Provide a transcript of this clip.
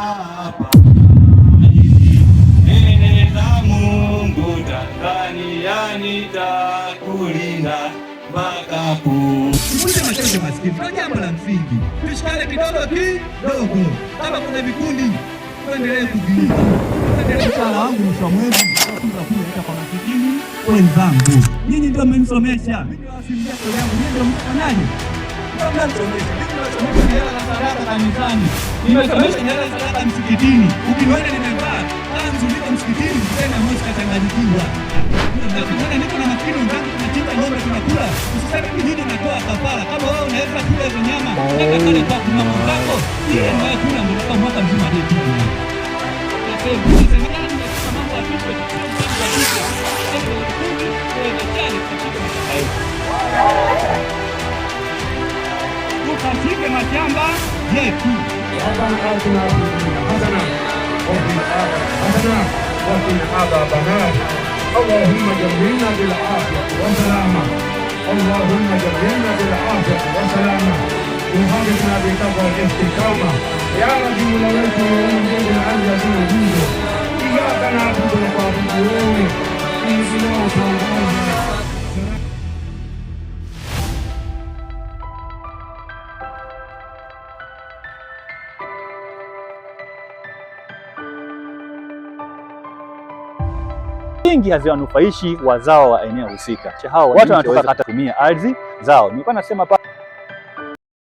Mataifa maskini na jambo la msingi, tushikane kidogo kidogo, kama kuna vikundi tuendelee kuviunga. Wangu msomweziakuakuweka kwa masikini wenzangu, nyinyi ndio mmenisomesha mimi, ndio mfanyaji, ndio mnasomesha mimi, nasomesha hela na sadaka kanisani. Nimesomesha idara msikitini, ukiniona nimevaa kanzu niko msikitini, tena mwezi kachanganyikiwa. Unaona niko na makini wenzangu, tunachinja ng'ombe tunakula. Usiseme kijiji natoa kafara, kama wewe unaweza kula hizo nyama nakakana kwa kuna mwenzako ile ambayo kuna mdoka mwaka mzima aliyepigwa ukashike mashamba yetu. اللهم جبرنا بالعافية وسلامة اللهم جبرنا بالعافية وسلامة وحفظنا بتقوى الاستقامة يا رب مولانا nyingi haziwanufaishi wazao wa eneo husika. Watu wanatoka hata kutumia ardhi zao. Nilikuwa nasema